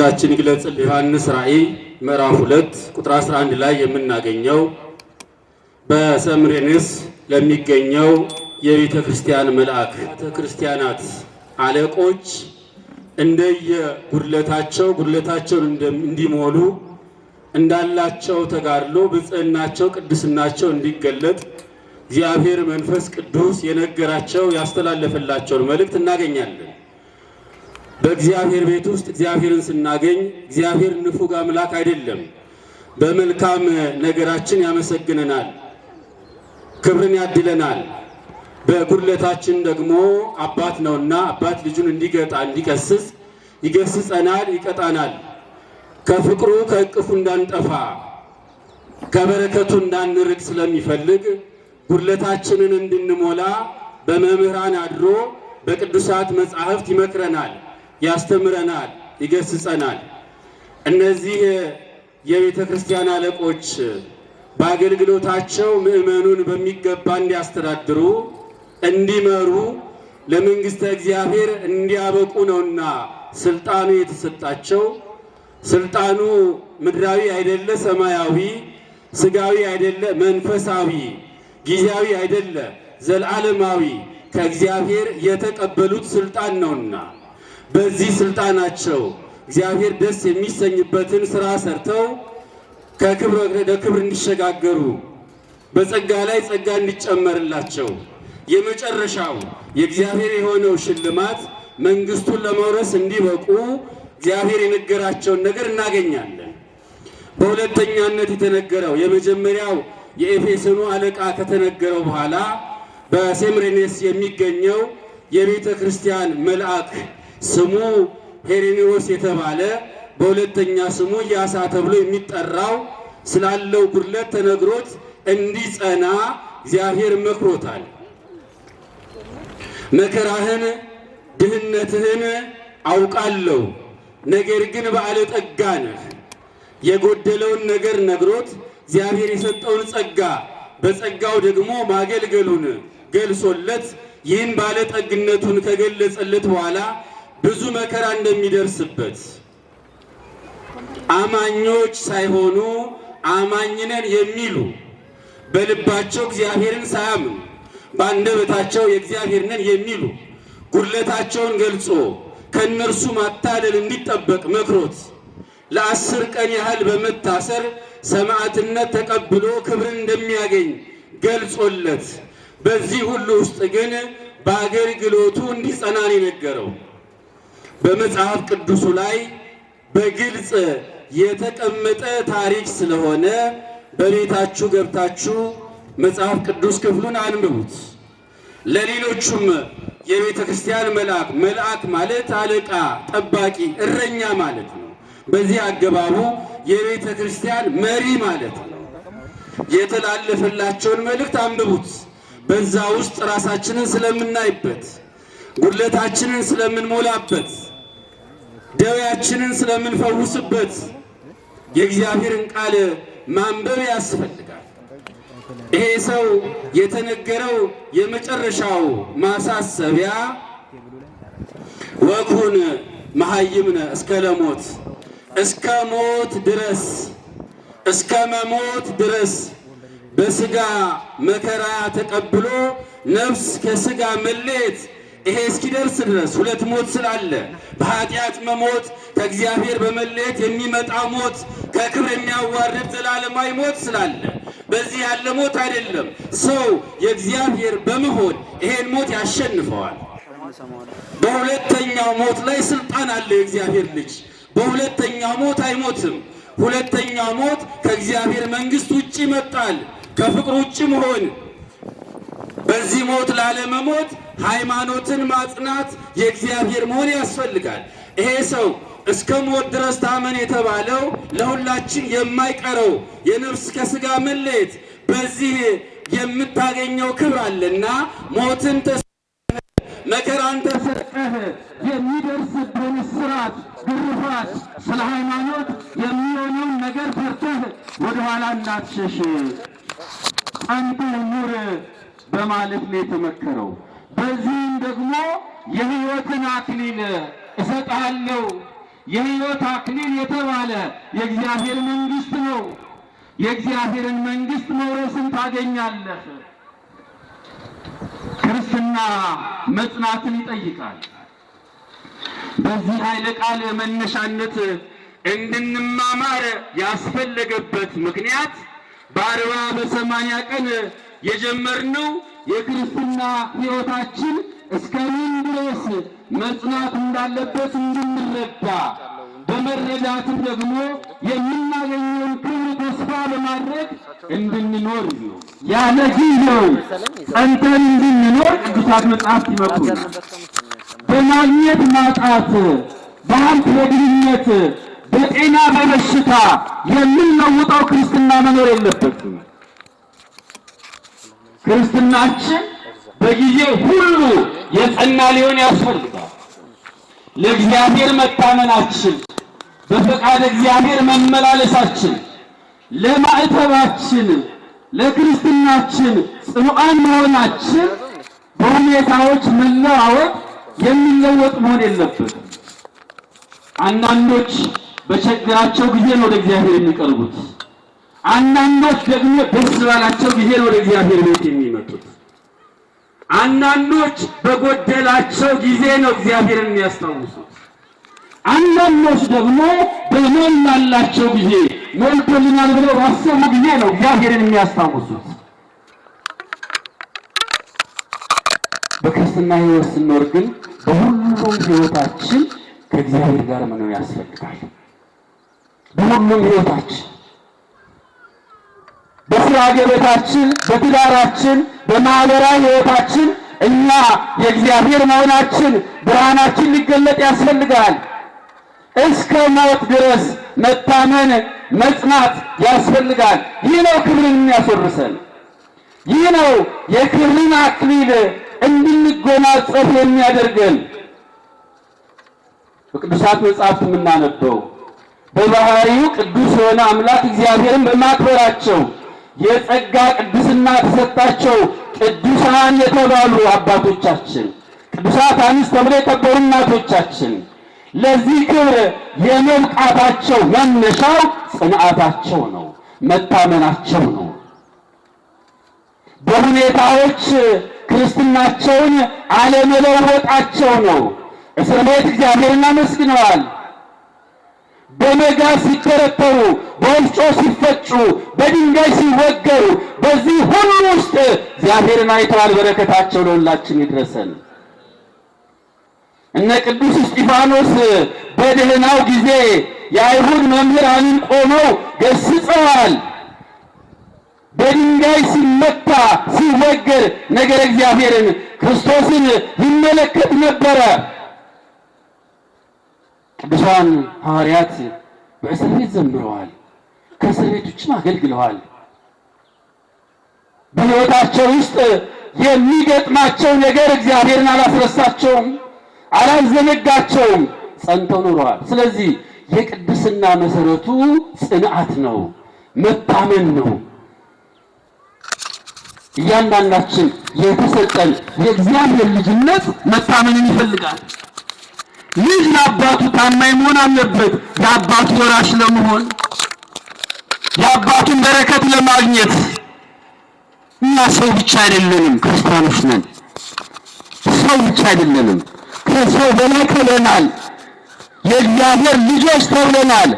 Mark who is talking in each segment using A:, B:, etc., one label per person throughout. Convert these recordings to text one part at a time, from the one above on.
A: ለሁላችን ይግለጽልን። ዮሐንስ ራእይ ምዕራፍ 2 ቁጥር 11 ላይ የምናገኘው በሰምሬንስ ለሚገኘው የቤተ ክርስቲያን መልአክ ቤተ ክርስቲያናት አለቆች እንደየ ጉድለታቸው ጉድለታቸውን እንዲሞሉ እንዳላቸው ተጋድሎ ብጽዕናቸው፣ ቅድስናቸው እንዲገለጥ እግዚአብሔር መንፈስ ቅዱስ የነገራቸው ያስተላለፈላቸውን መልእክት እናገኛለን። በእግዚአብሔር ቤት ውስጥ እግዚአብሔርን ስናገኝ እግዚአብሔር ንፉግ አምላክ አይደለም። በመልካም ነገራችን ያመሰግነናል፣ ክብርን ያድለናል። በጉድለታችን ደግሞ አባት ነውና አባት ልጁን እንዲገጣ እንዲቀስስ ይገስጸናል፣ ይቀጣናል። ከፍቅሩ ከእቅፉ እንዳንጠፋ ከበረከቱ እንዳንርቅ ስለሚፈልግ ጉድለታችንን እንድንሞላ በመምህራን አድሮ በቅዱሳት መጻሕፍት ይመክረናል። ያስተምረናል፣ ይገስጸናል። እነዚህ የቤተ ክርስቲያን አለቆች በአገልግሎታቸው ምእመኑን በሚገባ እንዲያስተዳድሩ፣ እንዲመሩ፣ ለመንግሥተ እግዚአብሔር እንዲያበቁ ነውና ስልጣኑ የተሰጣቸው። ስልጣኑ ምድራዊ አይደለ ሰማያዊ፣ ስጋዊ አይደለ መንፈሳዊ፣ ጊዜያዊ አይደለ ዘላለማዊ ከእግዚአብሔር የተቀበሉት ስልጣን ነውና በዚህ ስልጣናቸው እግዚአብሔር ደስ የሚሰኝበትን ስራ ሰርተው ከክብር ወደ ክብር እንዲሸጋገሩ በጸጋ ላይ ጸጋ እንዲጨመርላቸው የመጨረሻው የእግዚአብሔር የሆነው ሽልማት መንግስቱን ለመውረስ እንዲበቁ እግዚአብሔር የነገራቸውን ነገር እናገኛለን። በሁለተኛነት የተነገረው የመጀመሪያው የኤፌሶኑ አለቃ ከተነገረው በኋላ በሴምሬኔስ የሚገኘው የቤተ ክርስቲያን መልአክ ስሙ ሄሬኔዎስ የተባለ በሁለተኛ ስሙ ያሳ ተብሎ የሚጠራው ስላለው ጉድለት ተነግሮት እንዲጸና እግዚአብሔር መክሮታል። መከራህን ድህነትህን አውቃለሁ፣ ነገር ግን ባለጠጋ ነህ። የጎደለውን ነገር ነግሮት እግዚአብሔር የሰጠውን ጸጋ በጸጋው ደግሞ ማገልገሉን ገልጾለት ይህን ባለጠግነቱን ከገለጸለት በኋላ ብዙ መከራ እንደሚደርስበት አማኞች ሳይሆኑ አማኝነን የሚሉ በልባቸው እግዚአብሔርን ሳያምኑ በአንደበታቸው የእግዚአብሔርነን የሚሉ ጉድለታቸውን ገልጾ ከእነርሱ ማታደል እንዲጠበቅ መክሮት ለአስር ቀን ያህል በመታሰር ሰማዕትነት ተቀብሎ ክብርን እንደሚያገኝ ገልጾለት በዚህ ሁሉ ውስጥ ግን በአገልግሎቱ እንዲጸናን የነገረው በመጽሐፍ ቅዱሱ ላይ በግልጽ የተቀመጠ ታሪክ ስለሆነ በቤታችሁ ገብታችሁ መጽሐፍ ቅዱስ ክፍሉን አንብቡት። ለሌሎቹም የቤተ ክርስቲያን መልአክ መልአክ ማለት አለቃ፣ ጠባቂ፣ እረኛ ማለት ነው። በዚህ አገባቡ የቤተ ክርስቲያን መሪ ማለት ነው። የተላለፈላቸውን መልእክት አንብቡት። በዛ ውስጥ ራሳችንን ስለምናይበት፣ ጉድለታችንን ስለምንሞላበት ደዌያችንን ስለምንፈውስበት የእግዚአብሔርን ቃል ማንበብ ያስፈልጋል። ይሄ ሰው የተነገረው የመጨረሻው ማሳሰቢያ ወኩን መሐይምነ እስከ ለሞት እስከ ሞት ድረስ እስከ መሞት ድረስ በስጋ መከራ ተቀብሎ ነፍስ ከስጋ መለየት ይሄ እስኪደርስ ድረስ ሁለት ሞት ስላለ በኃጢአት መሞት ከእግዚአብሔር በመለየት የሚመጣ ሞት ከክብር የሚያዋርድ ዘላለማዊ ሞት ስላለ በዚህ ያለ ሞት አይደለም። ሰው የእግዚአብሔር በመሆን ይሄን ሞት ያሸንፈዋል። በሁለተኛው ሞት ላይ ስልጣን አለ የእግዚአብሔር ልጅ። በሁለተኛው ሞት አይሞትም። ሁለተኛው ሞት ከእግዚአብሔር መንግስት ውጭ ይመጣል፣ ከፍቅር ውጭ መሆን፣ በዚህ ሞት ላለመሞት ሃይማኖትን ማጽናት የእግዚአብሔር መሆን ያስፈልጋል። ይሄ ሰው እስከ ሞት ድረስ ታመን የተባለው ለሁላችን የማይቀረው የነፍስ ከስጋ መለየት በዚህ የምታገኘው ክብር አለና ሞትን ተሰቀህ መከራን ተሰቀህ የሚደርስብን ስራት፣ ግርፋት ስለ ሃይማኖት የሚሆነውን ነገር ፈርተህ ወደኋላ እንዳትሸሽ ጸንተህ ኑር በማለት ነው የተመከረው። በዚህም ደግሞ የሕይወትን አክሊል እሰጣለሁ። የሕይወት አክሊል የተባለ የእግዚአብሔር መንግሥት ነው። የእግዚአብሔርን መንግሥት መውረስን ታገኛለህ። ክርስትና መጽናትን ይጠይቃል። በዚህ ኃይለ ቃል መነሻነት እንድንማማር ያስፈለገበት ምክንያት በአርባ በሰማንያ ቀን የጀመርነው የክርስትና ሕይወታችን እስከ ምን ድረስ መጽናት እንዳለበት እንድንረዳ በመረዳትም ደግሞ የምናገኘውን ክብር ተስፋ ለማድረግ እንድንኖር ያለ ያለዚህ ጸንተን እንድንኖር ቅዱሳት መጽሐፍ ይመክሩ። በማግኘት ማጣት፣ በሀብት በድህነት፣ በጤና በበሽታ የምንለውጠው ክርስትና መኖር የለበትም። ክርስትናችን በጊዜ ሁሉ የጸና ሊሆን ያስፈልጋል። ለእግዚአብሔር መታመናችን፣ በፈቃድ እግዚአብሔር መመላለሳችን፣ ለማዕተባችን፣ ለክርስትናችን ጽኑዓን መሆናችን በሁኔታዎች መለዋወጥ የሚለወጥ መሆን የለበትም። አንዳንዶች በቸግራቸው ጊዜ ነው ወደ እግዚአብሔር የሚቀርቡት። አንዳንዶች ደግሞ ደስ ባላቸው ጊዜ ወደ እግዚአብሔር ቤት የሚመጡት፣ አንዳንዶች በጎደላቸው ጊዜ ነው እግዚአብሔርን የሚያስታውሱት። አንዳንዶች ደግሞ በሞላላቸው ጊዜ ሞልቶልናል ብለው ባሰቡ ጊዜ ነው እግዚአብሔርን የሚያስታውሱት። በክርስትና ሕይወት ስንኖር ግን በሁሉም ሕይወታችን ከእግዚአብሔር ጋር መኖር ያስፈልጋል። በሁሉም ሕይወታችን በስራ ገበታችን፣ በትዳራችን፣ በማህበራዊ ህይወታችን እኛ የእግዚአብሔር መሆናችን ብርሃናችን ሊገለጥ ያስፈልጋል። እስከ ሞት ድረስ መታመን መጽናት ያስፈልጋል። ይህ ነው ክብርን የሚያስወርሰን። ይህ ነው የክብርን አክሊል እንድንጎናጸፍ የሚያደርገን። በቅዱሳት መጽሐፍት የምናነበው በባህሪው ቅዱስ የሆነ አምላክ እግዚአብሔርን በማክበራቸው የጸጋ ቅድስና ተሰጣቸው ቅዱሳን የተባሉ አባቶቻችን፣ ቅዱሳት አንስት ተብለው የከበሩ እናቶቻችን ለዚህ ክብር የመብቃታቸው መነሻው ጽንዓታቸው ነው፣ መታመናቸው ነው። በሁኔታዎች ክርስትናቸውን አለመለወጣቸው ነው። እስር ቤት እግዚአብሔርን አመስግነዋል። ከእኔ ጋር ሲከረከሩ፣ በወፍጮ ሲፈጩ፣ በድንጋይ ሲወገሩ፣ በዚህ ሁሉ ውስጥ እግዚአብሔርን አይተዋል። በረከታቸው ለሁላችን ይድረሰን። እነ ቅዱስ እስጢፋኖስ በደህናው ጊዜ የአይሁድ መምህራንን ቆመው ገስጸዋል። በድንጋይ ሲመታ ሲወገር ነገር እግዚአብሔርን ክርስቶስን ይመለከት ነበረ። ቅዱሳን ሐዋርያት በእስር ቤት ዘምረዋል። ከእስር ቤት ውጭም አገልግለዋል። በሕይወታቸው ውስጥ የሚገጥማቸው ነገር እግዚአብሔርን አላስረሳቸውም፣ አላዘነጋቸውም፣ ጸንተው ኖረዋል። ስለዚህ የቅድስና መሰረቱ ጽንዓት ነው፣ መታመን ነው። እያንዳንዳችን የተሰጠን የእግዚአብሔር ልጅነት መታመንን ይፈልጋል። ልጅ ለአባቱ ታማኝ መሆን አለበት። ለአባቱ ወራሽ ለመሆን የአባቱን በረከት ለማግኘት እና ሰው ብቻ አይደለንም፣ ክርስቲያኖች ነን። ሰው ብቻ አይደለንም፣ ከሰው በላይ ከለናል። የእግዚአብሔር ልጆች ተብለናል።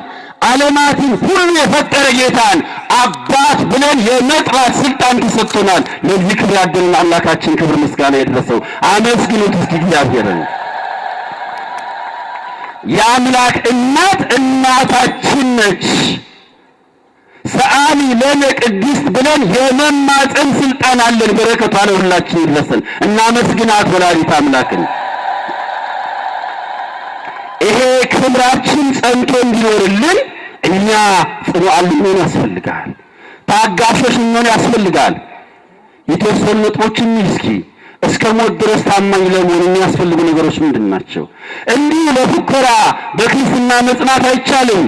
A: ዓለማትን ሁሉ የፈጠረ ጌታን አባት ብለን የመጥራት ስልጣን ተሰጥቶናል። ለዚህ ክብር ያደለን አምላካችን ክብር ምስጋና ይድረሰው። አመስግኑት እስኪ እግዚአብሔርን የአምላክ እናት እናታችን ነች። ሰአሊ ለነ ቅድስት ብለን የመማፀን ስልጣን አለን። በረከቷ ለሁላችን ይድረሰን። እናመስግናት ወላዲተ አምላክን። ይሄ ክብራችን ጸንቶ እንዲኖርልን እኛ ጽኑዓን ልንሆን ያስፈልጋል። ታጋሾች ልንሆን ያስፈልጋል። የተወሰኑ ነጥቦችን እስኪ እስከ ሞት ድረስ ታማኝ ለመሆን የሚያስፈልጉ ነገሮች ምንድን ናቸው? እንዲህ ለፉከራ በክርስትና መጽናት አይቻልም።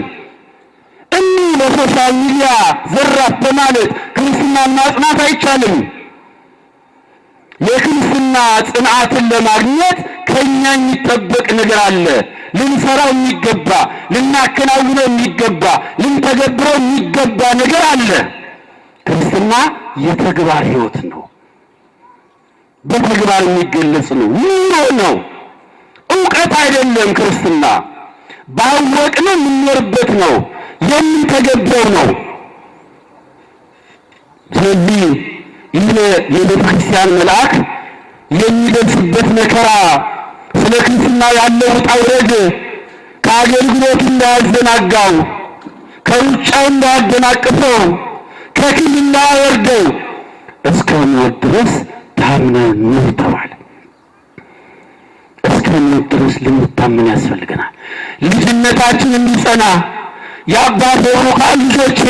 A: እንዲህ ለሶሻል ሚዲያ ዘራፍ በማለት ክርስትናን ማጽናት አይቻልም። የክርስትና ጽንዓትን ለማግኘት ከኛ የሚጠበቅ ነገር አለ። ልንሰራው የሚገባ ልናከናውነው የሚገባ ልንተገብረው የሚገባ ነገር አለ። ክርስትና የተግባር ህይወት ነው። በተግባር የሚገለጽ ነው። ምን ነው፣ እውቀት አይደለም። ክርስትና ባወቅነ የምንኖርበት ነው፣ የምንተገብረው ነው። ስለዚህ ይህ የቤተ ክርስቲያን መልአክ የሚደርስበት መከራ፣ ስለ ክርስትና ያለው ውጣ ውረድ እንዳያዘናጋው፣ ከውጫው እንዳያደናቅፈው፣ ከክልና እንዳያወርደው እስከ ሞት ድረስ ታምነ ምን ተባለ? እስከምን ድረስ ልንታመን ያስፈልገናል። ልጅነታችን እንዲጸና የአባት የሆኑ ልጆቼ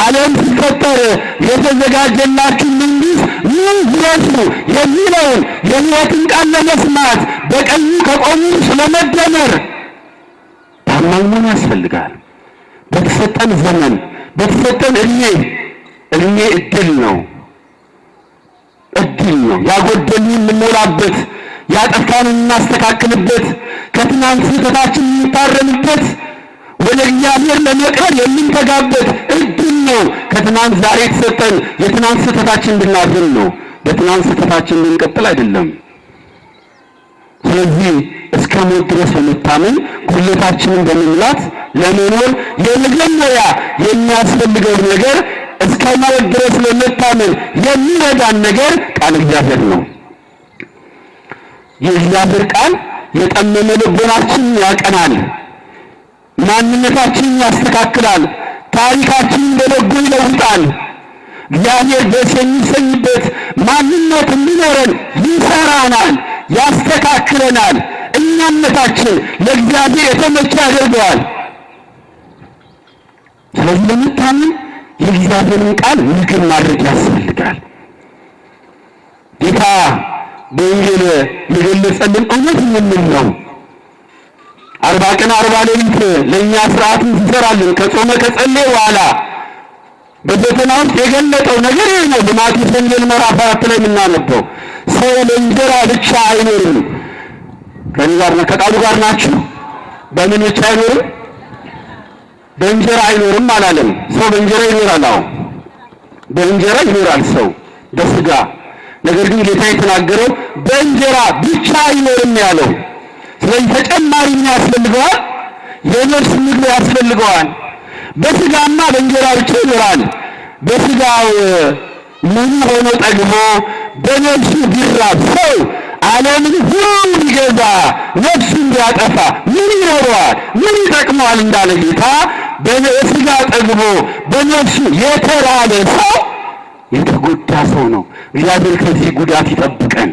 A: ዓለም ሲፈጠር የተዘጋጀላችሁ መንግስት ምን ድረሱ የሚለውን የሕይወትን ቃል ለመስማት በቀኙ ከቆሙ ስለመደመር ታማኝ ያስፈልጋል። በተሰጠን ዘመን በተሰጠን እድሜ እድሜ እድል ነው። የሚያድልና ያጎደልን የምንሞላበት ያጠፋን የምናስተካክልበት ከትናንት ስህተታችን የምንታረምበት ወደ እግዚአብሔር ለመቅረብ የምንተጋበት እድል ነው። ከትናንት ዛሬ የተሰጠን የትናንት ስህተታችን እንድናርም ነው። በትናንት ስህተታችን እንድንቀጥል አይደለም። ስለዚህ እስከ ሞት ድረስ በመታመን ጉልበታችንን በመሙላት ለመኖር የመጀመሪያ የሚያስፈልገው ነገር እስከ ድረስ ለመታመን የሚረዳን ነገር ቃል እግዚአብሔር ነው። የእግዚአብሔር ቃል የጠመመ ልቦናችንን ያቀናል፣ ማንነታችንን ያስተካክላል፣ ታሪካችንን በበጎ ይለውጣል። እግዚአብሔር ደስ የሚሰኝበት ማንነት እንዲኖረን ይሰራናል፣ ያስተካክለናል። እኛነታችን ለእግዚአብሔር የተመቸ ያደርገዋል። ስለዚህ ለመታመን የእግዚአብሔርን ቃል ምግብ ማድረግ ያስፈልጋል። ጌታ በወንጌል የገለጸልን እውነት ምንም ነው? አርባ ቀን አርባ ሌሊት ለእኛ ስርዓትን ሲሰራልን ከጾመ ከጸሌ በኋላ በፈተና ውስጥ የገለጠው ነገር ይህ ነው። በማቴዎስ ወንጌል ምዕራፍ አራት ላይ የምናነበው ሰው ለእንጀራ ብቻ አይኖርም። ከእኔ ጋር ከቃሉ ጋር ናችሁ። በምን ብቻ አይኖርም? በእንጀራ አይኖርም አላለም። ሰው በእንጀራ ይኖራል። አዎ በእንጀራ ይኖራል ሰው በስጋ ነገር ግን ጌታ የተናገረው በእንጀራ ብቻ አይኖርም ያለው። ስለዚህ ተጨማሪ ምን ያስፈልገዋል? የነፍስ ምግብ ያስፈልገዋል። በስጋማ በእንጀራ ብቻ ይኖራል። በስጋው ሙሉ ሆኖ ጠግቦ በነፍሱ ቢራብ ሰው ዓለምን ሁሉ ቢገዛ ነፍሱን ቢያጠፋ ምን ይኖረዋል? ምን ይጠቅመዋል? እንዳለ ጌታ በስጋ ጠግቦ በነፍሱ የተራበ ሰው የተጎዳ ሰው ነው። እግዚአብሔር ከዚህ ጉዳት ይጠብቀን።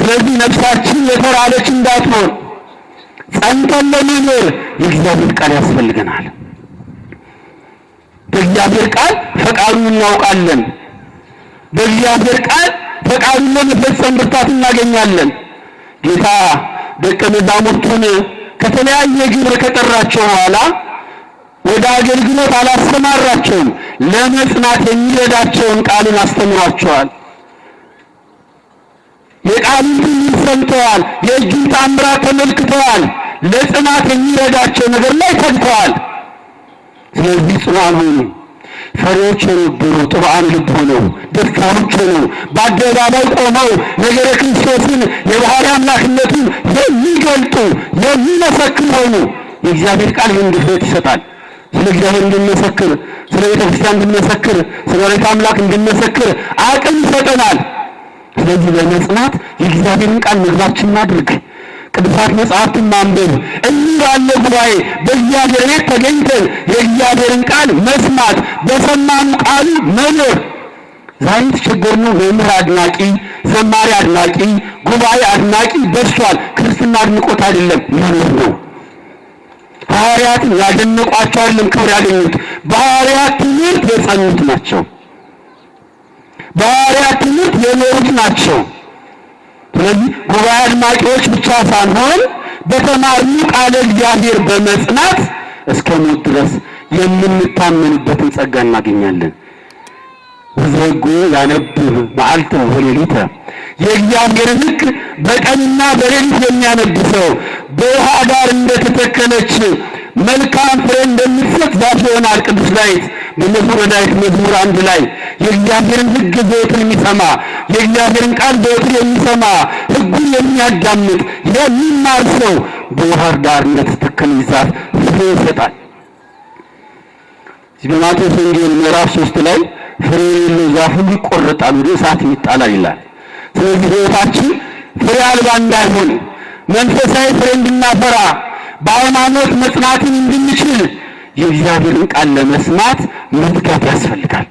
A: ስለዚህ ነፍሳችን የተራበች እንዳትሆን ጸንተን ለመኖር የእግዚአብሔር ቃል ያስፈልገናል። በእግዚአብሔር ቃል ፈቃዱን እናውቃለን። በእግዚአብሔር ቃል ፈቃዱን ለመፈጸም ብርታት እናገኛለን። ጌታ ደቀ መዛሙርቱን ከተለያየ ግብር ከጠራቸው በኋላ ወደ አገልግሎት አላስተማራቸውም። ለመጽናት የሚረዳቸውን ቃልን አስተምሯቸዋል። የቃልን ትምህርት ሰምተዋል። የእጁን ታምራት ተመልክተዋል። ለጽናት የሚረዳቸው ነገር ላይ ተግተዋል። ስለዚህ ጽናት ሆኑ። ፈሪዎች የነበሩ ጥብዓን ልብ ሆነው ደስታዎች ሆነው በአደባባይ ቆመው ነገረ ክርስቶስን የባህሪ አምላክነቱን የሚገልጡ የሚመሰክሩ ሆኑ። የእግዚአብሔር ቃል ይህን ድፍረት ይሰጣል። ስለ እግዚአብሔር እንድንመሰክር፣ ስለ ቤተ ክርስቲያን እንድንመሰክር፣ ስለ ወላዲተ አምላክ እንድንመሰክር አቅም ይሰጠናል። ስለዚህ በመጽናት የእግዚአብሔርን ቃል ምግባችን ማድረግ ቅዱሳት መጽሐፍትን ማንበብ እንዲህ ባለ ጉባኤ በእግዚአብሔር ቤት ተገኝተን የእግዚአብሔርን ቃል መስማት በሰማም ቃል መኖር ዛሬ የተቸገርነው መምህር አድናቂ፣ ዘማሪ አድናቂ፣ ጉባኤ አድናቂ በሷል። ክርስትና አድንቆት አይደለም መኖር ነው። ባህሪያት ያደነቋቸው አይደለም ክብር ያገኙት፣ በሐዋርያት ትምህርት የጸኑት ናቸው። በሐዋርያት ትምህርት የኖሩት ናቸው። ስለዚህ ጉባኤ አድማቂዎች ብቻ ሳንሆን በተማርኑ ቃለ እግዚአብሔር በመጽናት እስከ ሞት ድረስ የምንታመንበትን ጸጋ እናገኛለን። ዘጎ ያነብብ መዓልተ ወሌሊተ የእግዚአብሔርን ሕግ በቀንና በሌሊት የሚያነግሰው በውሃ ዳር እንደተተከለች መልካም ፍሬ እንደሚሰጥ ዛፍ ይሆናል። ቅዱስ ዳዊት በመዝሙረ ዳዊት መዝሙር አንድ ላይ የእግዚአብሔርን ሕግ ዘወትር የሚሰማ የእግዚአብሔርን ቃል ዘወትር የሚሰማ ሕጉን የሚያዳምጥ የሚማር ሰው በውሃ ዳር እንደተተከለች ዛፍ ፍሬ ይሰጣል። እዚህ በማቴዎስ ወንጌል ምዕራፍ ሶስት ላይ ፍሬ የሌለው ዛፍ ሁሉ ይቆረጣል፣ ወደ እሳት ይጣላል ይላል። ስለዚህ ሕይወታችን ፍሬ አልባ እንዳይሆን መንፈሳዊ ፍሬ እንድናፈራ በሃይማኖት መጽናትን እንድንችል የእግዚአብሔርን ቃል ለመስማት መትጋት ያስፈልጋል።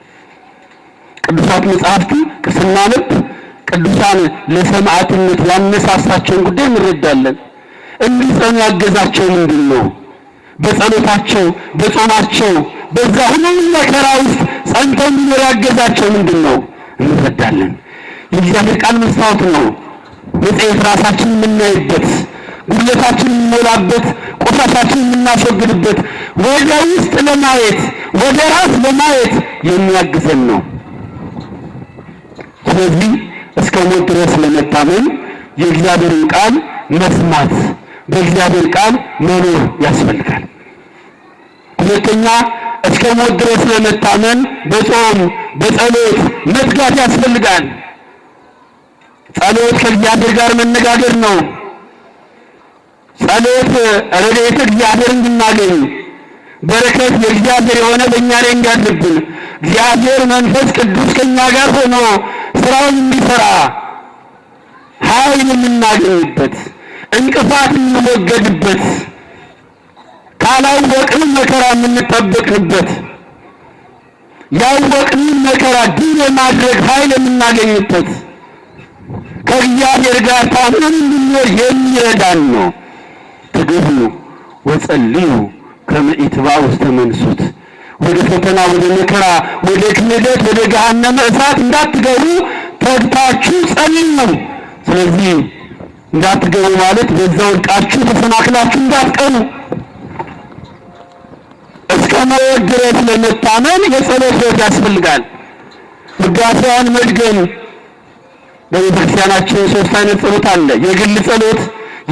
A: ቅዱሳት መጽሐፍቱ ስናነብ ቅዱሳን ለሰማዕትነት ያነሳሳቸውን ጉዳይ እንረዳለን። እንዲጸኑ ያገዛቸው ምንድን ነው? በጸሎታቸው፣ በጾማቸው፣ በዛ ሁሉ መከራ ውስጥ ጸንተው እንዲኖር ያገዛቸው ምንድን ነው? እንረዳለን። የእግዚአብሔር ቃል መስታወት ነው። ውጤት ራሳችን የምናይበት፣ ጉድለታችን የምንሞላበት፣ ቆሻሻችን የምናስወግድበት ወደ ውስጥ ለማየት ወደ ራስ ለማየት የሚያግዘን ነው። ስለዚህ እስከ ሞት ድረስ ለመታመን የእግዚአብሔርን ቃል መስማት በእግዚአብሔር ቃል መኖር ያስፈልጋል። ሁለተኛ እስከ ሞት ድረስ ለመታመን በጾም በጸሎት መትጋት ያስፈልጋል። ጸሎት ከእግዚአብሔር ጋር መነጋገር ነው። ጸሎት ረድኤት እግዚአብሔር እንድናገኝ በረከት የእግዚአብሔር የሆነ በእኛ ላይ እንዲያድርብን እግዚአብሔር መንፈስ ቅዱስ ከእኛ ጋር ሆኖ ስራውን እንዲሰራ ኃይል የምናገኝበት እንቅፋት የምንወገድበት ካላወቅን መከራ የምንጠብቅበት ያወቅን መከራ ድል የማድረግ ኃይል የምናገኝበት ከእግዚአብሔር ጋር ታምነን እንድንኖር የሚረዳን ነው። ተገቡ ወጸልዩ ከመ ኢትባኡ ውስተ መንሱት ወደ ፈተና፣ ወደ መከራ፣ ወደ ክህደት፣ ወደ ገሃነመ እሳት እንዳትገቡ ተግታችሁ ጸልዩ። ስለዚህ እንዳትገቡ ማለት በዛ ወድቃችሁ ተሰናክላችሁ እንዳትቀኑ እስከ መወት ድረስ ለመታመን የጸሎት ሕይወት ያስፈልጋል። ውዳሴዋን መድገም በቤተክርስቲያናችን ሶስት አይነት ጸሎት አለ። የግል ጸሎት፣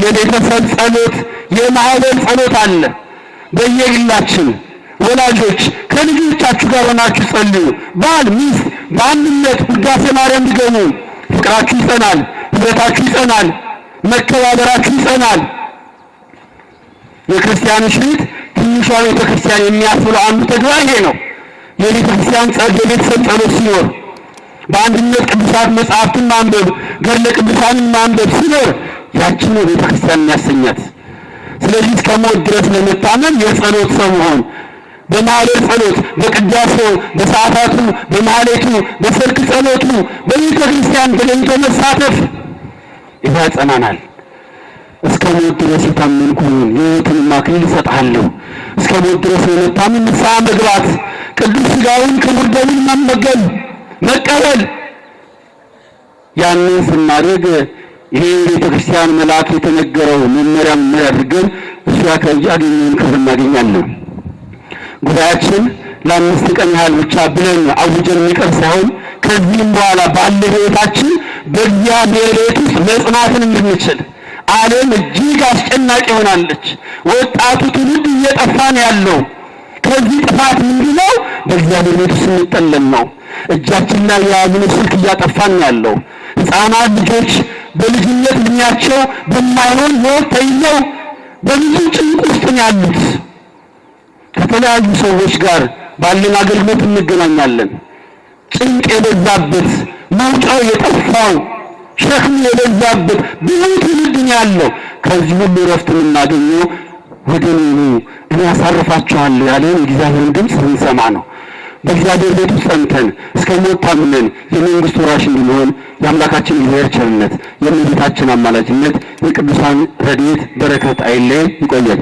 A: የቤተሰብ ጸሎት፣ የማህበር ጸሎት አለ። በየግላችን ወላጆች ከልጆቻችሁ ጋር ሆናችሁ ጸልዩ። ባል ሚስት በአንድነት ውዳሴ ማርያም ይገቡ። ፍቅራችሁ ይጸናል፣ ህብረታችሁ ይጸናል፣ መከባበራችሁ ይጸናል። የክርስቲያን ሽሪት ትንሿ ቤተክርስቲያን የሚያስብለው አንዱ ተግባር ይሄ ነው። የቤተክርስቲያን የቤተሰብ ጸሎት ሲኖር በአንድነት ቅዱሳት መጽሐፍትን ማንበብ፣ ገድለ ቅዱሳንን ማንበብ ሲኖር ያችን ነው ቤተክርስቲያን የሚያሰኛት። ስለዚህ እስከ ሞት ድረስ ለመታመን የጸሎት ሰው መሆን በማለ ጸሎት፣ በቅዳሴው፣ በሰዓታቱ፣ በማህሌቱ፣ በሰርክ ጸሎቱ፣ በቤተ ክርስቲያን ተገኝቶ መሳተፍ ይታጸናናል። እስከ ሞት ድረስ የታመንኩህን የህይወትን አክሊል እሰጥሃለሁ። እስከ ሞት ድረስ ለመታመን ንስሐ መግባት፣ ቅዱስ ሥጋውን ክቡር ደሙን መመገብ መቀበል ያንን ስናደርግ ይህን ቤተ ክርስቲያን መልአክ የተነገረው መመሪያ መመሪያ አድርገን እሱ ያገኘውን ክብር እናገኛለን። ጉባኤያችን ለአምስት ቀን ያህል ብቻ ብለን አውጀን የሚቀር ሳይሆን ከዚህም በኋላ ባለ ህይወታችን በእግዚአብሔር ቤት ውስጥ መጽናትን እንድንችል ዓለም እጅግ አስጨናቂ ሆናለች። ወጣቱ ትውልድ እየጠፋ ያለው። ከዚህ ጥፋት ምንድነው? በእግዚአብሔር ቤት ውስጥ ስንጠለን ነው። እጃችን ላይ የያዝነው ስልክ እያጠፋን ያለው ሕፃናት ልጆች በልጅነት እድሜያቸው በማይሆን ህይወት ተይዘው በብዙ ጭንቅ ውስጥ ነው ያሉት። ከተለያዩ ሰዎች ጋር ባለን አገልግሎት እንገናኛለን። ጭንቅ የበዛበት መውጫው የጠፋው ሸክም የበዛበት ብዙ ትውልድ ነው ያለው። ከዚህ ሁሉ እረፍት የምናገኘው ወደ እኔ ኑ እኔ አሳርፋችኋለሁ ያለውን የእግዚአብሔርን ድምፅ ስንሰማ ነው። በእግዚአብሔር ቤቱ ጸንተን እስከ ሞት ታምነን የመንግስቱ ወራሽ እንድንሆን የአምላካችን እግዚአብሔር ቸርነት፣ የእመቤታችን አማላጅነት፣ የቅዱሳን ረድኤት በረከት አይለየን። ይቆየን።